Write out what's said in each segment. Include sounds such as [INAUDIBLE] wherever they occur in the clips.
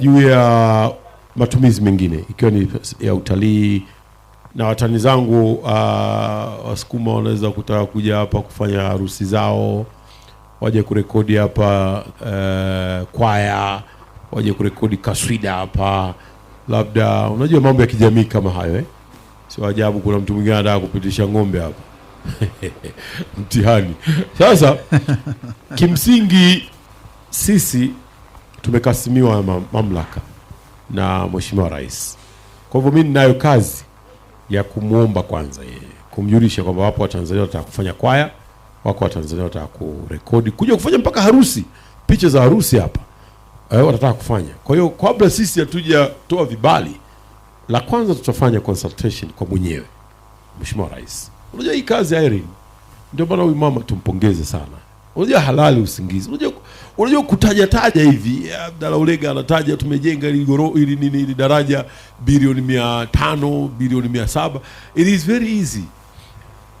juu ya matumizi mengine ikiwa ni ya utalii na watani zangu uh, ah, Wasukuma wanaweza kutaka kuja hapa kufanya harusi zao, waje kurekodi hapa uh, kwaya, waje kurekodi kaswida hapa, labda unajua mambo ya kijamii kama hayo eh? Sio ajabu kuna mtu mwingine anataka kupitisha ng'ombe hapa [LAUGHS] mtihani. Sasa kimsingi sisi tumekasimiwa mamlaka na mheshimiwa rais. Kwa hivyo mimi ninayo kazi ya kumwomba kwanza yeye, kumjulisha kwamba wapo Watanzania wanataka kufanya kwaya, wako Watanzania wanataka kurekodi, kuja kufanya mpaka harusi, picha za harusi hapa eh, wanataka kufanya. Kwa hiyo kabla sisi hatujatoa vibali, la kwanza tutafanya consultation kwa mwenyewe mheshimiwa rais. Unajua hii kazi ya Irene, ndio maana huyu mama tumpongeze sana unajua halali usingizi unajua unajua kutajataja hivi eh, Abdalla Ulega anataja tumejenga ili goro, ili nini ili daraja bilioni mia tano bilioni mia saba it is very easy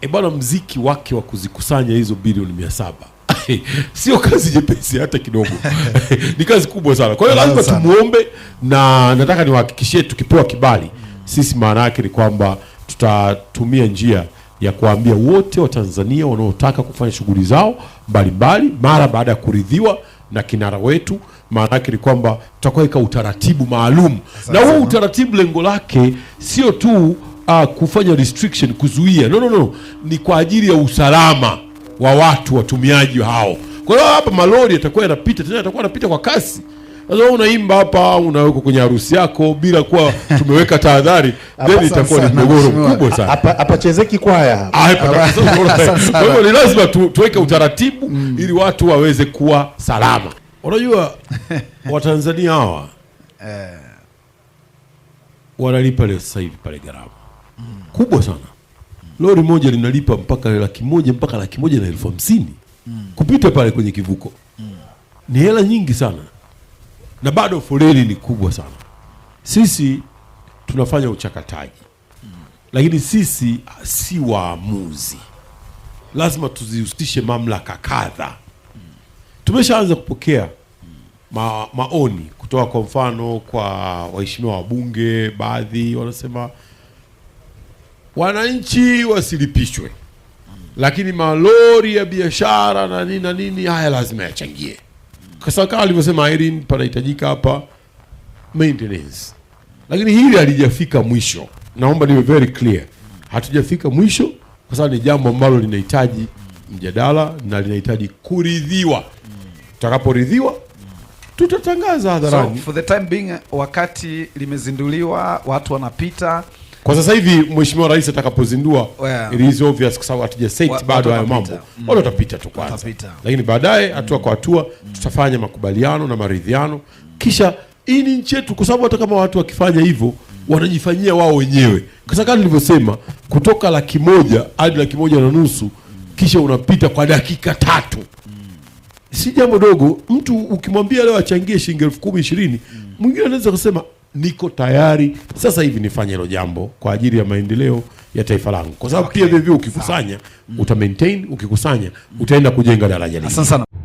e bwana mziki wake wa kuzikusanya hizo bilioni mia saba [LAUGHS] sio kazi nyepesi hata kidogo [LAUGHS] ni kazi kubwa sana kwa hiyo lazima tumuombe na nataka niwahakikishie tukipewa kibali sisi maana yake ni kwamba tutatumia njia ya kuwaambia wote Watanzania wanaotaka kufanya shughuli zao mbalimbali mara baada ya kuridhiwa na kinara wetu. Maana yake ni kwamba tutaweka utaratibu maalum, na huo utaratibu lengo lake sio tu uh, kufanya restriction, kuzuia. No, no, no, ni kwa ajili ya usalama wa watu watumiaji hao. Kwa hiyo hapa malori yatakuwa yanapita tena, yatakuwa yanapita kwa kasi sasa unaimba hapa unaweko kwenye harusi yako bila kuwa tumeweka tahadhari [LAUGHS] then itakuwa ni mgogoro mkubwa sana chezeki kwaya ah, [LAUGHS] kwa hiyo ni lazima tu, tuweke utaratibu mm. ili watu waweze kuwa salama unajua [LAUGHS] watanzania hawa eh. wanalipa leo sasa hivi pale gharama mm. kubwa sana mm. lori moja linalipa mpaka laki moja mpaka laki moja na elfu hamsini mm. kupita pale kwenye kivuko mm. ni hela nyingi sana na bado foleni ni kubwa sana. Sisi tunafanya uchakataji lakini sisi si waamuzi, lazima tuzihusishe mamlaka kadha. Tumeshaanza kupokea ma, maoni kutoka kwa mfano kwa waheshimiwa wabunge, baadhi wanasema wananchi wasilipishwe, lakini malori ya biashara na nini na nini haya lazima yachangie kasakaa alivyosema Irene, panahitajika hapa maintenance, lakini hili halijafika mwisho. Naomba niwe very clear, hatujafika mwisho kwa sababu ni jambo ambalo linahitaji mjadala na linahitaji kuridhiwa. Tutakaporidhiwa tutatangaza hadharani. So, for the time being, wakati limezinduliwa, watu wanapita kwa sasa hivi mheshimiwa rais atakapozindua well, it is obvious kwa sababu hatuja set bado hayo mambo mm. wale watapita tu kwanza, lakini baadaye mm. hatua mm. kwa hatua mm. tutafanya makubaliano na maridhiano, kisha hii ni nchi yetu, kwa sababu hata kama watu wakifanya hivyo wanajifanyia wao wenyewe. sababu kama nilivyosema, kutoka laki moja hadi laki moja na nusu kisha unapita kwa dakika tatu si jambo dogo. Mtu ukimwambia leo achangie shilingi elfu kumi ishirini, mwingine anaweza kusema niko tayari sasa hivi nifanye hilo jambo kwa ajili ya maendeleo ya taifa langu, kwa sababu okay. pia vivyo ukikusanya uta maintain, ukikusanya utaenda kujenga daraja lingine.